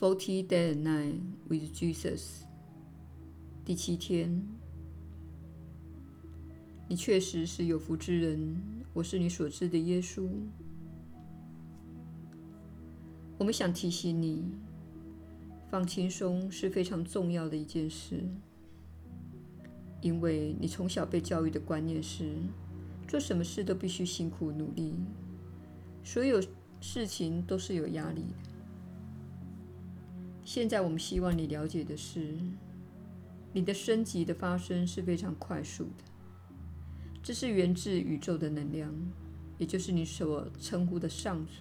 40 Day and Night with Jesus。第七天，你確實是有福之人。我是你所知的耶穌。我們想提醒你，放輕鬆是非常重要的一件事，因為你從小被教育的觀念是，做什麼事都必須辛苦努力，所有事情都是有壓力的。現在我們希望你了解的是，你的升級的發生是非常快速的。這是源自宇宙的能量，也就是你所稱呼的上主。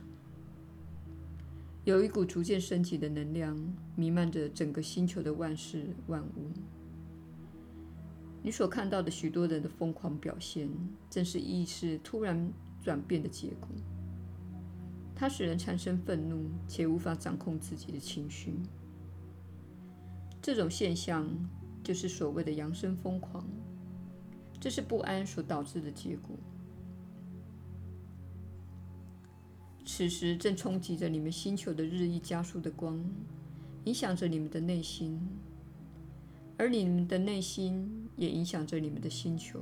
有一股逐漸升級的能量彌漫着整個星球的萬事萬物。你所看到的許多人的瘋狂表現，正是意識突然轉變的結果。它使人產生憤怒，且無法掌控自己的情緒。這種現象就是所謂的“揚升瘋狂”，這是不安所導致的結果。此時正衝擊着你們星球的日益加速的光，影響着你們的內心，而你們的內心也影響着你們的星球。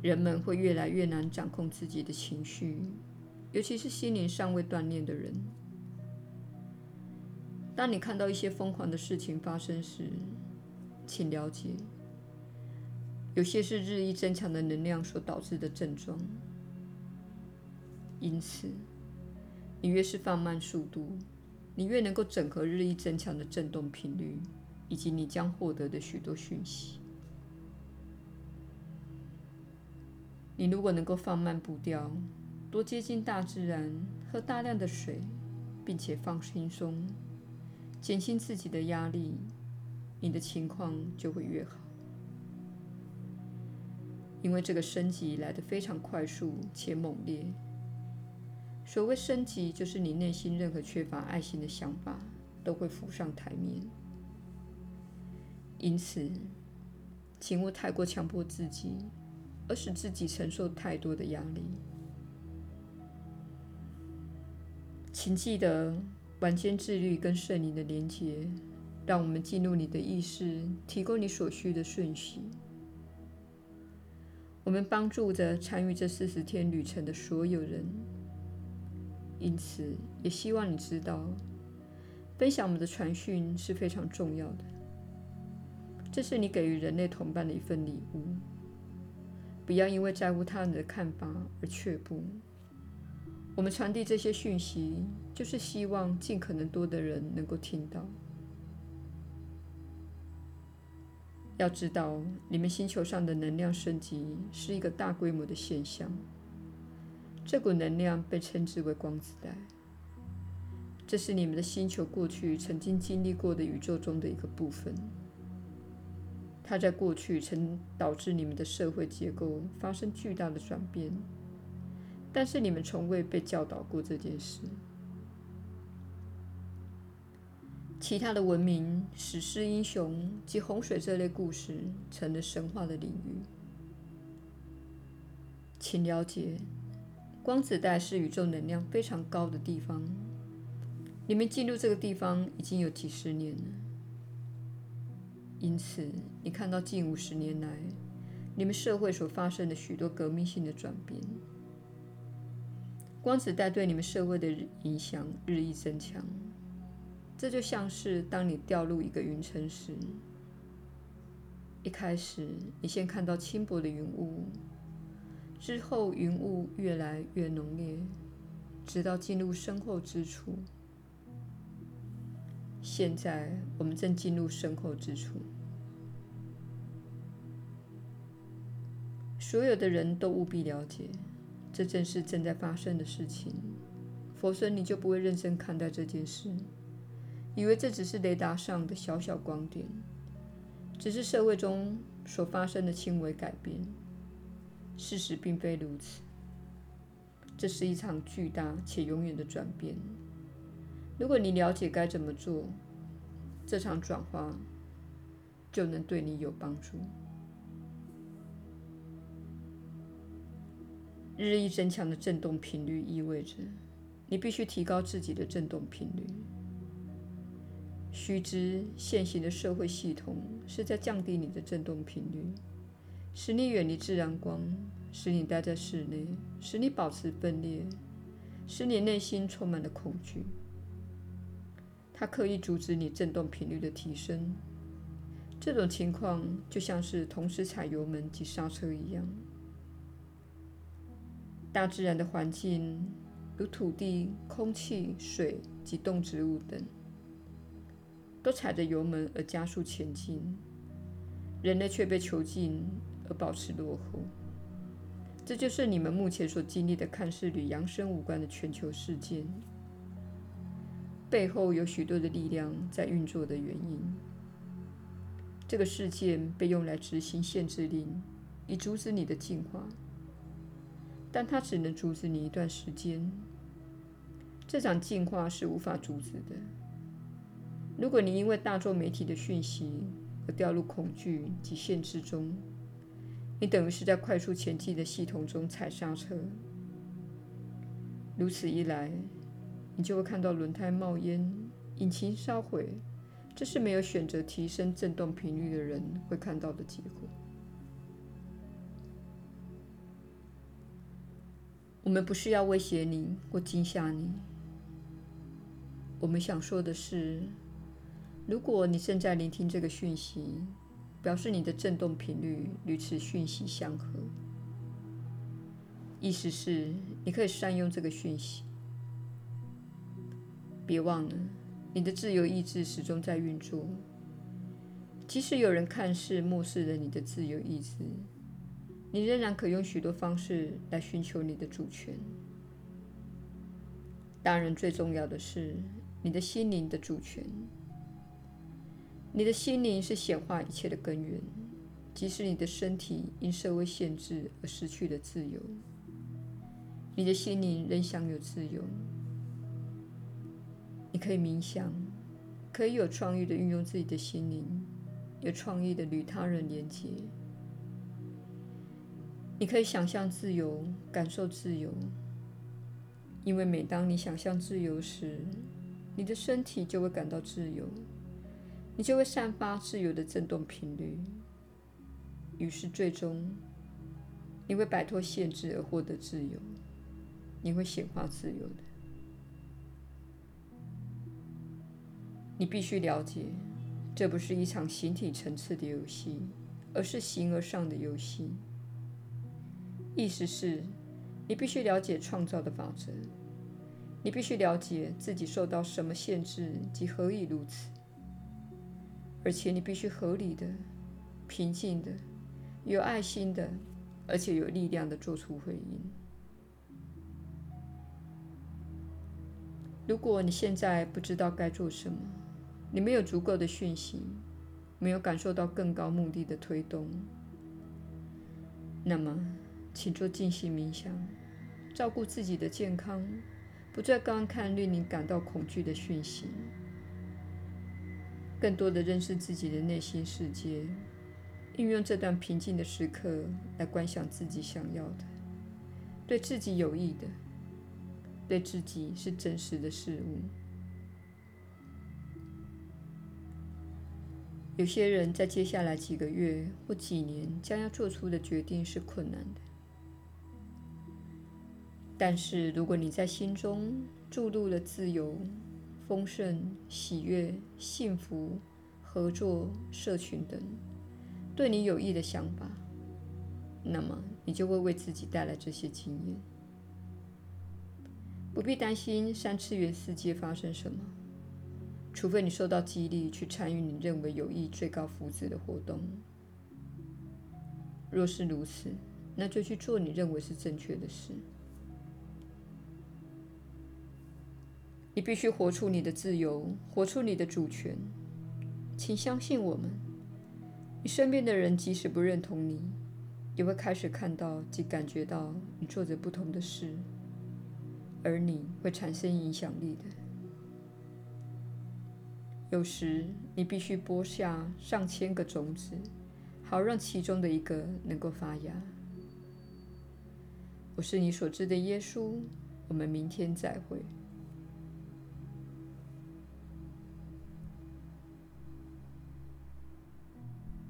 人們會越來越難掌控自己的情緒。尤其是心靈尚未鍛鍊的人，當你看到一些瘋狂的事情發生時，請了解，有些是日益增強的能量所導致的症狀。因此，你越是放慢速度，你越能夠整合日益增強的振動頻率，以及你將獲得的許多訊息。你如果能夠放慢步調，多接近大自然，喝大量的水，並且放輕鬆，減輕自己的壓力，你的情況就會越好。因為這個升級來得非常快速且猛烈。所謂升級，就是你內心任何缺乏愛心的想法都會浮上檯面。因此，請勿太過強迫自己，而使自己承受太多的壓力。請記得晚間致力於跟聖靈的連結，讓我們進入你的意識，提供你所需的訊息。我們幫助着參與這四十天旅程的所有人，因此也希望你知道，分享我們的傳訊是非常重要的。這是你給予人類同伴的一份禮物。不要因為在乎他人的看法而卻步。我們傳遞這些訊息，就是希望盡可能多的人能夠聽到。要知道，你們星球上的能量升級是一個大規模的現象。這股能量被稱之為光子帶，這是你們的星球過去曾經經歷過的宇宙中的一個部分。它在過去曾導致你們的社會結構發生巨大的轉變。但是你們從未被教導過這件事。其他的文明、史詩英雄及洪水這類故事，成了神話的領域。請了解，光子帶是宇宙能量非常高的地方。你們進入這個地方已經有幾十年了，因此你看到近五十年來你們社會所發生的許多革命性的轉變。光子帶對你們社會的影響日益增強，這就像是當你掉入一個雲層時，一開始你先看到輕薄的雲霧，之後雲霧越來越濃烈，直到進入深厚之處。現在我們正進入深厚之處，所有的人都務必了解。這正是正在發生的事情。否則你就不會認真看待這件事，以為這只是雷達上的小小光點，只是社會中所發生的輕微改變。事實並非如此，這是一場巨大且永遠的轉變。如果你了解該怎麼做，這場轉化就能對你有幫助。日益增強的振動頻率意味着，你必須提高自己的振動頻率。須知，現行的社會系統是在降低你的振動頻率，使你遠離自然光，使你待在室內，使你保持分裂，使你內心充滿了恐懼。它刻意阻止你振動頻率的提升。這種情況就像是同時踩油門及剎車一樣。大自然的環境，如土地、空氣、水及動植物等，都踩着油門而加速前進，人類卻被囚禁而保持落後。這就是你們目前所經歷的看似與揚升無關的全球事件，背後有許多的力量在運作的原因。這個事件被用來執行限制令，以阻止你的進化。但它只能阻止你一段時間。這場進化是無法阻止的。如果你因為大眾媒體的訊息而掉入恐懼及限制中，你等於是在快速前進的系統中踩剎車。如此一來，你就會看到輪胎冒煙、引擎燒毀，這是沒有選擇提升振動頻率的人會看到的結果。我們不是要威脅你或驚嚇你。我們想說的是，如果你正在聆聽這個訊息，表示你的振動頻率與此訊息相合。意思是你可以善用這個訊息。別忘了，你的自由意志始終在運作，即使有人看似漠視了你的自由意志。你仍然可用許多方式來尋求你的主權。當然，最重要的是你的心靈的主權。你的心靈是顯化一切的根源，即使你的身體因社會限制而失去了自由，你的心靈仍享有自由。你可以冥想，可以有創意地運用自己的心靈，有創意地與他人連接結。你可以想象自由，感受自由，因為每當你想象自由時，你的身體就會感到自由，你就會散發自由的振動頻率，於是最終你會擺脫限制而獲得自由，你會顯化自由的。你必須了解，這不是一場形體層次的遊戲，而是形而上的遊戲。意思是，你必須了解創造的法則，你必須了解自己受到什麼限制及何以如此，而且你必須合理的、平靜的、有愛心的，而且有力量的做出回應。如果你現在不知道該做什麼，你沒有足夠的訊息，沒有感受到更高目的的推動，那麼，請做靜心冥想，照顧自己的健康，不再觀看令你感到恐懼的訊息，更多的認識自己的內心世界，運用這段平靜的時刻來觀想自己想要的、對自己有益的、對自己是真實的事物。有些人在接下來幾個月或幾年將要做出的決定是困難的。但是，如果你在心中註入了自由、豐盛、喜悅、幸福、合作、社群等對你有益的想法，那麼你就會為自己帶來這些經驗。不必擔心三次元世界發生什麼，除非你受到激勵去參與你認為有益、最高福祉的活動。若是如此，那就去做你認為是正確的事。你必須活出你的自由，活出你的主權。請相信我們，你身邊的人即使不認同你，也會開始看到及感覺到你做着不同的事，而你會產生影響力的。有時你必須播下上千個種子，好讓其中的一個能夠發芽。我是你所知的耶穌，我們明天再會。